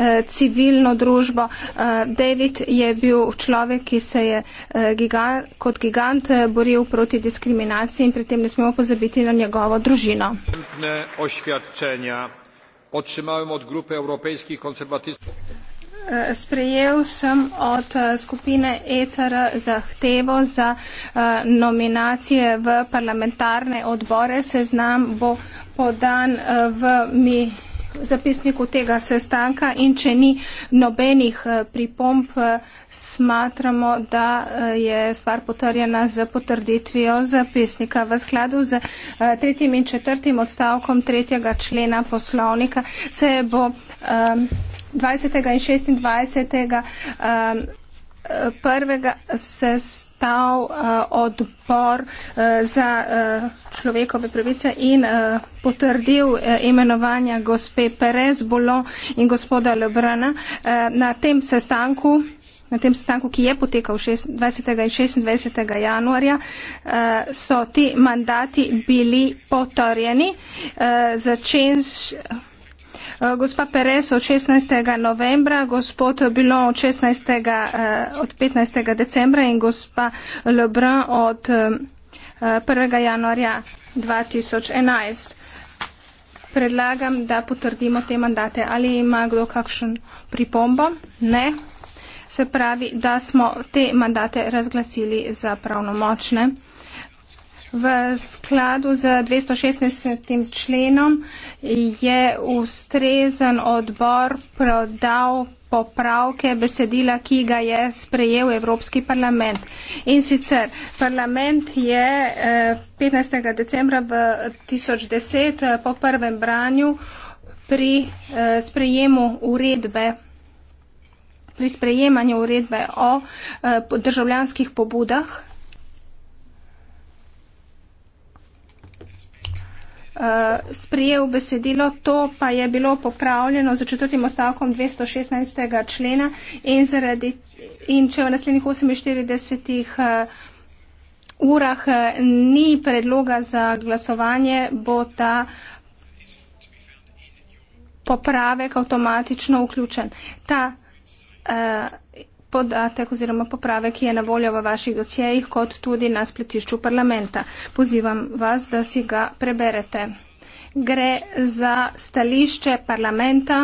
eh, civilno družbo. Eh, David je bil človek, ki se je eh, gigant, kot gigant eh, boril proti diskriminaciji in pri tem ne smemo pozabiti na njegovo družino. Eh, sprejel sem od eh, skupine ECR zahtevo za eh, nominacije v parlamentarne odbore. Seznam bo podan v mi zapisniku tega sestanka in če ni nobenih eh, pripomp, eh, smatramo, da eh, je stvar potrjena z potrditvijo zapisnika. V skladu z tretjim in četrtim odstavkom tretjega člena poslovnika se bo 20. in 26 prvega sestav eh, odbor eh, za eh, človekove pravice in potrdil imenovanja gospe Perez Bolo in gospoda Lebrana na tem sestanku na tem sestanku, ki je potekal 20. in 26. januarja, so ti mandati bili potrjeni, začenši Eh, gospa Perez od 16. novembra, gospod Bilon od, 16. Eh, od 15. decembra in gospa Lebrun od 1. Eh, januarja 2011. Predlagam, da potrdimo te mandate. Ali ima kdo kakšen pripombo? Ne. Se pravi, da smo te mandate razglasili za pravnomočne. Uh, V skladu z 216. členom je ustrezen odbor prodal popravke besedila, ki ga je sprejel Evropski parlament. In sicer parlament je 15. Eh, decembra 2010 eh, po prvem branju pri eh, sprejemu uredbe pri sprejemanju uredbe o državljanskih pobudah Eh, sprejel besedilo, to pa je bilo popravljeno z četrtim ostavkom 216. člena in, zaradi, in če v naslednjih 48 uh, eh, urah uh, ni predloga za glasovanje, bo ta popravek avtomatično vključen. Ta, uh, podatek oziroma popravek, ki je na voljo v vaših dosjejih, kot tudi na spletišču parlamenta. Pozivam vas, da si ga preberete. Gre za stališče parlamenta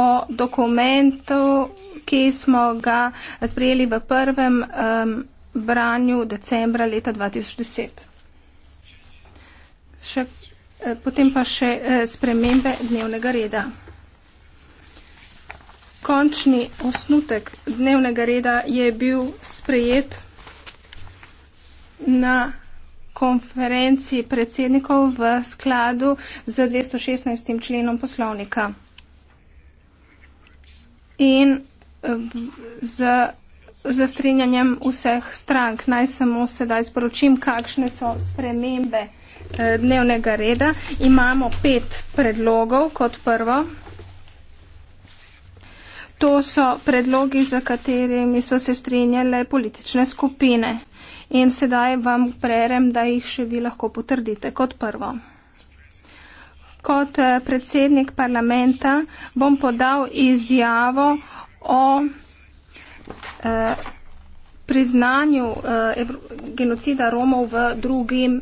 o dokumentu, ki smo ga sprejeli v prvem um, branju decembra leta 2010. Še, eh, potem pa še eh, spremembe dnevnega reda končni osnutek dnevnega reda je bil sprejet na konferenci predsednikov v skladu z 216. členom poslovnika. In eh, z, z strinjanjem vseh strank naj samo sedaj sporočim, kakšne so spremembe eh, dnevnega reda. Imamo pet predlogov kot prvo. To so predlogi, za katerimi so se strinjale politične skupine. In sedaj vam prerem, da jih še vi lahko potrdite kot prvo. Kot eh, predsednik parlamenta bom podal izjavo o eh, priznanju eh, genocida Romov v drugim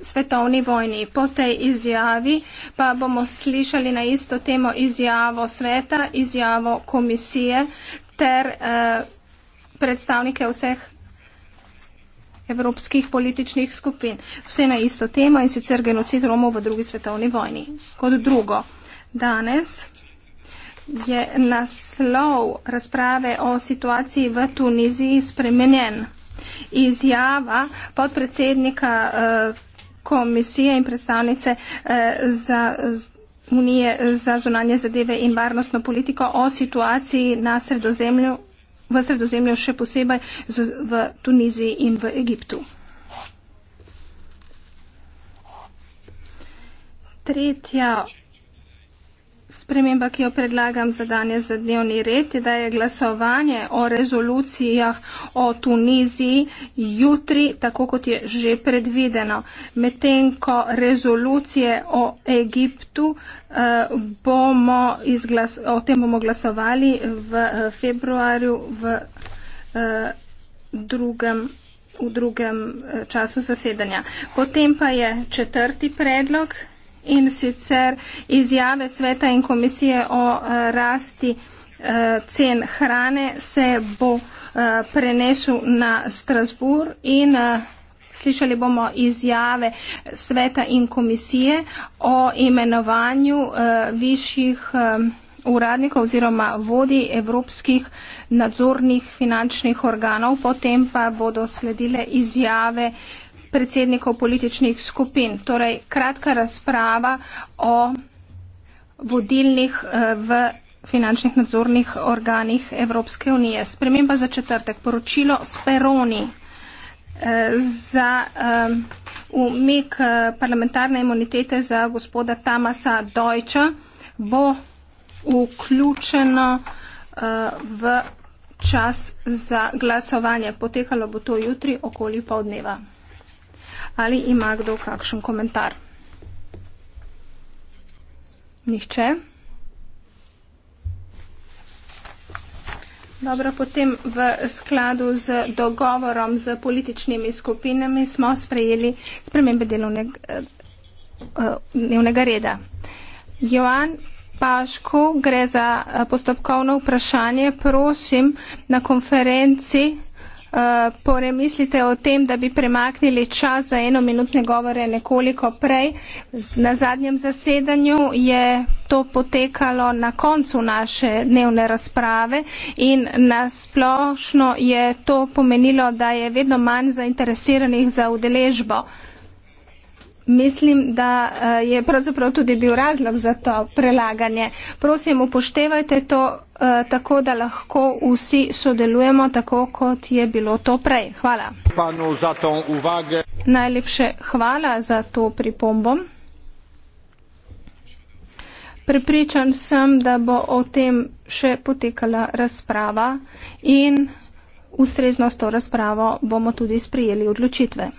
svetovni vojni. Po tej izjavi pa bomo slišali na isto temo izjavo sveta, izjavo komisije ter eh, predstavnike vseh evropskih političnih skupin. Vse na isto temo in sicer genocid Romov v drugi svetovni vojni. Kot drugo, danes je naslov razprave o situaciji v Tuniziji spremenjen. Izjava podpredsednika eh, komisije in predstavnice eh, za Unije za zunanje zadeve in varnostno politiko o situaciji na sredozemlju, v sredozemlju še posebej z, v Tuniziji in v Egiptu. Tretja Sprememba, ki jo predlagam za danes za dnevni red, je, da je glasovanje o rezolucijah o Tuniziji jutri, tako kot je že predvideno, medtem ko rezolucije o Egiptu eh, bomo izglas, o tem bomo glasovali v eh, februarju v eh, drugem v drugem času zasedanja. Potem pa je četrti predlog in sicer izjave sveta in komisije o eh, rasti eh, cen hrane se bo eh, prenesel na Strasbourg in slišali bomo izjave sveta in komisije o imenovanju višjih uradnikov oziroma vodi evropskih nadzornih finančnih organov, potem pa bodo sledile izjave eh, predsednikov političnih skupin. Torej, kratka razprava o vodilnih eh, v finančnih nadzornih organih Evropske unije. Sprememba za četrtek. Poročilo Speroni eh, za eh, umik parlamentarne imunitete za gospoda Tamasa Dojča bo vključeno v čas za glasovanje. Potekalo bo to jutri okoli povdneva. Ali ima kdo kakšen komentar? Nihče? Dobro, potem v skladu z dogovorom z političnimi skupinami smo sprejeli spremembe eh, dnevnega reda. Joan Paško gre za eh, postopkovno vprašanje. Prosim, na konferenci Eh, Pore, mislite o tem, da bi premaknili čas za eno minutne govore nekoliko prej. Na zadnjem zasedanju je to potekalo na koncu naše dnevne razprave in nasplošno je to pomenilo, da je vedno manj zainteresiranih za udeležbo mislim, da eh, je pravzaprav tudi bil razlog za to prelaganje. Prosim, upoštevajte to eh, tako, da lahko vsi sodelujemo tako, kot je bilo to prej. Hvala. Najlepše hvala za to pripombo. Prepričan sem, da bo o tem še potekala razprava in ustrezno s to razpravo bomo tudi sprijeli odločitve.